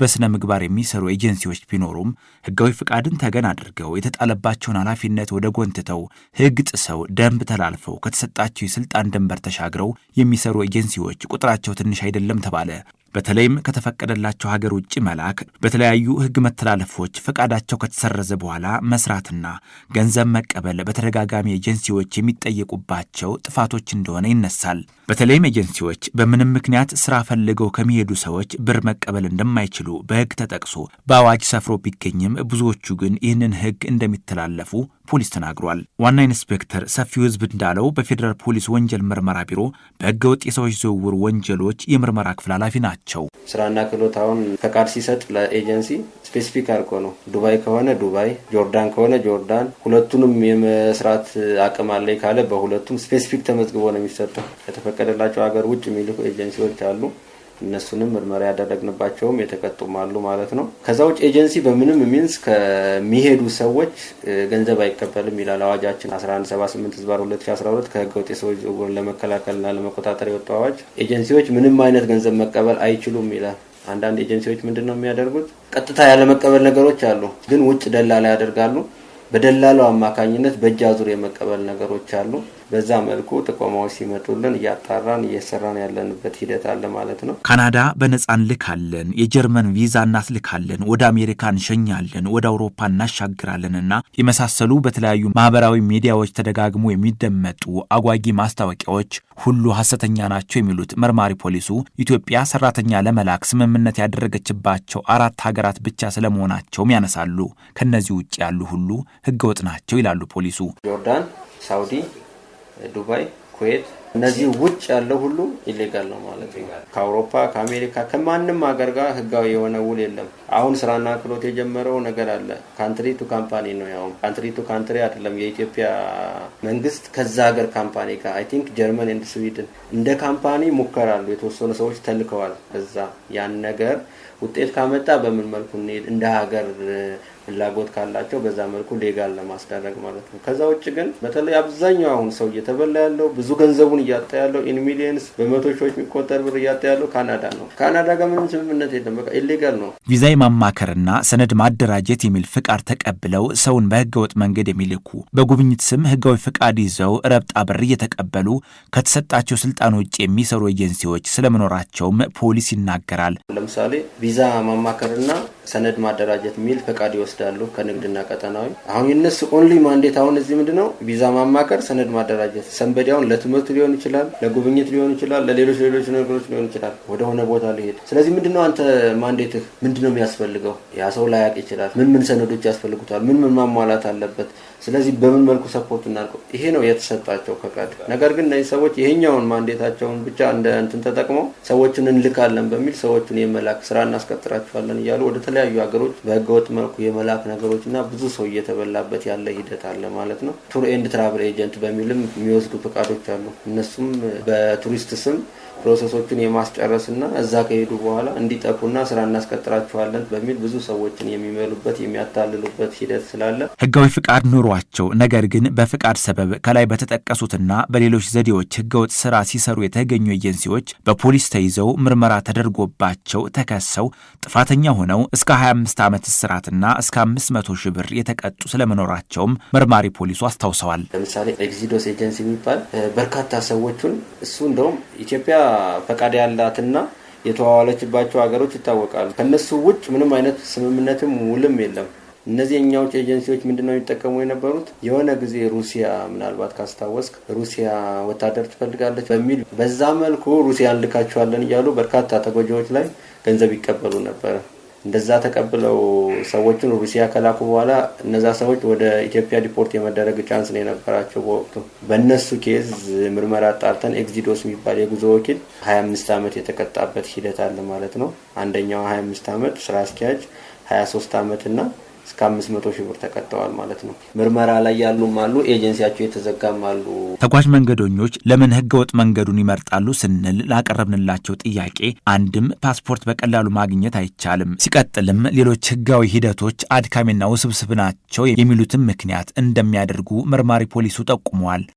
በሥነ ምግባር የሚሰሩ ኤጀንሲዎች ቢኖሩም ሕጋዊ ፍቃድን ተገን አድርገው የተጣለባቸውን ኃላፊነት ወደ ጎን ትተው ሕግ ጥሰው ደንብ ተላልፈው ከተሰጣቸው የሥልጣን ድንበር ተሻግረው የሚሰሩ ኤጀንሲዎች ቁጥራቸው ትንሽ አይደለም ተባለ። በተለይም ከተፈቀደላቸው ሀገር ውጭ መላክ፣ በተለያዩ ህግ መተላለፎች ፈቃዳቸው ከተሰረዘ በኋላ መስራትና ገንዘብ መቀበል በተደጋጋሚ ኤጀንሲዎች የሚጠየቁባቸው ጥፋቶች እንደሆነ ይነሳል። በተለይም ኤጀንሲዎች በምንም ምክንያት ስራ ፈልገው ከሚሄዱ ሰዎች ብር መቀበል እንደማይችሉ በህግ ተጠቅሶ በአዋጅ ሰፍሮ ቢገኝም ብዙዎቹ ግን ይህንን ህግ እንደሚተላለፉ ፖሊስ ተናግሯል። ዋና ኢንስፔክተር ሰፊው ህዝብ እንዳለው በፌዴራል ፖሊስ ወንጀል ምርመራ ቢሮ በህገ ወጥ የሰዎች ዝውውር ወንጀሎች የምርመራ ክፍል ኃላፊ ናቸው። ስራና ክህሎት አሁን ፈቃድ ሲሰጥ ለኤጀንሲ ስፔሲፊክ አድርጎ ነው። ዱባይ ከሆነ ዱባይ፣ ጆርዳን ከሆነ ጆርዳን፣ ሁለቱንም የመስራት አቅም አለኝ ካለ በሁለቱም ስፔሲፊክ ተመዝግቦ ነው የሚሰጠው። ከተፈቀደላቸው ሀገር ውጭ የሚልኩ ኤጀንሲዎች አሉ። እነሱንም ምርመራ ያደረግንባቸውም የተቀጡም አሉ ማለት ነው። ከዛ ውጭ ኤጀንሲ በምንም ሚንስ ከሚሄዱ ሰዎች ገንዘብ አይቀበልም ይላል አዋጃችን 1178 2012 ከህገ የሰዎች ዝውውርን ለመከላከልና ለመቆጣጠር የወጡ አዋጅ። ኤጀንሲዎች ምንም አይነት ገንዘብ መቀበል አይችሉም ይላል። አንዳንድ ኤጀንሲዎች ምንድን ነው የሚያደርጉት? ቀጥታ ያለመቀበል ነገሮች አሉ፣ ግን ውጭ ደላላ ያደርጋሉ። በደላለው አማካኝነት በእጅ አዙር የመቀበል ነገሮች አሉ። በዛ መልኩ ጥቆማዎች ሲመጡልን እያጣራን እየሰራን ያለንበት ሂደት አለ ማለት ነው። ካናዳ በነፃ እንልካለን፣ የጀርመን ቪዛ እናስልካለን፣ ወደ አሜሪካ እንሸኛለን፣ ወደ አውሮፓ እና የመሳሰሉ በተለያዩ ማህበራዊ ሚዲያዎች ተደጋግሞ የሚደመጡ አጓጊ ማስታወቂያዎች ሁሉ ሀሰተኛ ናቸው የሚሉት መርማሪ ፖሊሱ ኢትዮጵያ ሰራተኛ ለመላክ ስምምነት ያደረገችባቸው አራት ሀገራት ብቻ ስለመሆናቸውም ያነሳሉ። ከነዚህ ውጭ ያሉ ሁሉ ህገወጥ ናቸው ይላሉ ፖሊሱ። ጆርዳን፣ ሳውዲ፣ ዱባይ፣ ኩዌት እነዚህ ውጭ ያለው ሁሉ ኢሌጋል ነው ማለት ነው። ከአውሮፓ ከአሜሪካ ከማንም ሀገር ጋር ህጋዊ የሆነ ውል የለም። አሁን ስራና ክሎት የጀመረው ነገር አለ። ካንትሪ ቱ ካምፓኒ ነው ያውም ካንትሪ ቱ ካንትሪ አይደለም። የኢትዮጵያ መንግስት ከዛ ሀገር ካምፓኒ ጋር አይ ቲንክ ጀርመን ኤንድ ስዊድን እንደ ካምፓኒ ሞከራሉ የተወሰኑ ሰዎች ተልከዋል እዛ ያን ነገር ውጤት ካመጣ በምን መልኩ እንሄድ እንደ ሀገር ፍላጎት ካላቸው በዛ መልኩ ሌጋል ለማስደረግ ማለት ነው። ከዛ ውጭ ግን በተለይ አብዛኛው አሁን ሰው እየተበላ ያለው ብዙ ገንዘቡን እያጣ ያለው ኢን ሚሊየንስ በመቶ ሺዎች የሚቆጠር ብር እያጣ ያለው ካናዳ ነው። ካናዳ ጋር ምንም ስምምነት የለም። በቃ ኢሌጋል ነው። ቪዛ የማማከርና ሰነድ ማደራጀት የሚል ፍቃድ ተቀብለው ሰውን በህገወጥ መንገድ የሚልኩ በጉብኝት ስም ህጋዊ ፍቃድ ይዘው ረብጣ ብር እየተቀበሉ ከተሰጣቸው ስልጣን ውጭ የሚሰሩ ኤጀንሲዎች ስለመኖራቸውም ፖሊስ ይናገራል። ለምሳሌ ቪዛ ማማከርና ሰነድ ማደራጀት የሚል ፈቃድ ይወስዳሉ ከንግድና ቀጠናዊ። አሁን የነሱ ኦንሊ ማንዴት አሁን እዚህ ምንድን ነው ቪዛ ማማከር፣ ሰነድ ማደራጀት። ሰንበዲ አሁን ለትምህርት ሊሆን ይችላል፣ ለጉብኝት ሊሆን ይችላል፣ ለሌሎች ሌሎች ነገሮች ሊሆን ይችላል፣ ወደሆነ ቦታ ሊሄድ። ስለዚህ ነው አንተ ማንዴትህ ምንድነው የሚያስፈልገው? ያ ሰው ላያቅ ይችላል። ምን ምን ሰነዶች ያስፈልጉታል? ምን ምን ማሟላት አለበት? ስለዚህ በምን መልኩ ሰፖርት እናድርገው? ይሄ ነው የተሰጣቸው ፈቃድ። ነገር ግን እነዚህ ሰዎች ይሄኛውን ማንዴታቸውን ብቻ እንደ እንትን ተጠቅመው ሰዎችን እንልካለን በሚል ሰዎችን የመላክ ስራ እናስቀጥራቸዋለን እያሉ ወደ ከተለያዩ ሀገሮች በህገወጥ መልኩ የመላክ ነገሮች እና ብዙ ሰው እየተበላበት ያለ ሂደት አለ ማለት ነው። ቱር ኤንድ ትራቭል ኤጀንት በሚልም የሚወስዱ ፈቃዶች አሉ። እነሱም በቱሪስት ስም ፕሮሰሶቹን የማስጨረስ እና እዛ ከሄዱ በኋላ እንዲጠፉና ስራ እናስቀጥራችኋለን በሚል ብዙ ሰዎችን የሚመሉበት የሚያታልሉበት ሂደት ስላለ ህጋዊ ፍቃድ ኑሯቸው ነገር ግን በፍቃድ ሰበብ ከላይ በተጠቀሱትና በሌሎች ዘዴዎች ህገወጥ ስራ ሲሰሩ የተገኙ ኤጀንሲዎች በፖሊስ ተይዘው ምርመራ ተደርጎባቸው ተከሰው ጥፋተኛ ሆነው እስከ 25 ዓመት እስራትና እስከ 500 ሺህ ብር የተቀጡ ስለመኖራቸውም መርማሪ ፖሊሱ አስታውሰዋል። ለምሳሌ ኤግዚዶስ ኤጀንሲ የሚባል በርካታ ሰዎቹን እሱ እንደውም ኢትዮጵያ ፈቃድ ያላትና የተዋዋለችባቸው ሀገሮች ይታወቃሉ። ከእነሱ ውጭ ምንም አይነት ስምምነትም ውልም የለም። እነዚህ የኛዎች ኤጀንሲዎች ምንድን ነው የሚጠቀሙ የነበሩት? የሆነ ጊዜ ሩሲያ ምናልባት ካስታወስክ ሩሲያ ወታደር ትፈልጋለች በሚል በዛ መልኩ ሩሲያ እንልካቸዋለን እያሉ በርካታ ተጎጂዎች ላይ ገንዘብ ይቀበሉ ነበረ። እንደዛ ተቀብለው ሰዎችን ሩሲያ ከላኩ በኋላ እነዛ ሰዎች ወደ ኢትዮጵያ ዲፖርት የመደረግ ቻንስ ነው የነበራቸው በወቅቱ። በእነሱ ኬዝ ምርመራ አጣርተን ኤግዚዶስ የሚባል የጉዞ ወኪል አምስት ዓመት የተቀጣበት ሂደት አለ ማለት ነው። አንደኛው አምስት ዓመት ስራ አስኪያጅ ሶስት ዓመት እና እስከ አምስት መቶ ሺህ ብር ተቀጥተዋል ማለት ነው። ምርመራ ላይ ያሉም አሉ፣ ኤጀንሲያቸው የተዘጋም አሉ። ተጓዥ መንገደኞች ለምን ህገወጥ መንገዱን ይመርጣሉ ስንል ላቀረብንላቸው ጥያቄ አንድም ፓስፖርት በቀላሉ ማግኘት አይቻልም፣ ሲቀጥልም ሌሎች ህጋዊ ሂደቶች አድካሚና ውስብስብ ናቸው የሚሉትን ምክንያት እንደሚያደርጉ መርማሪ ፖሊሱ ጠቁመዋል።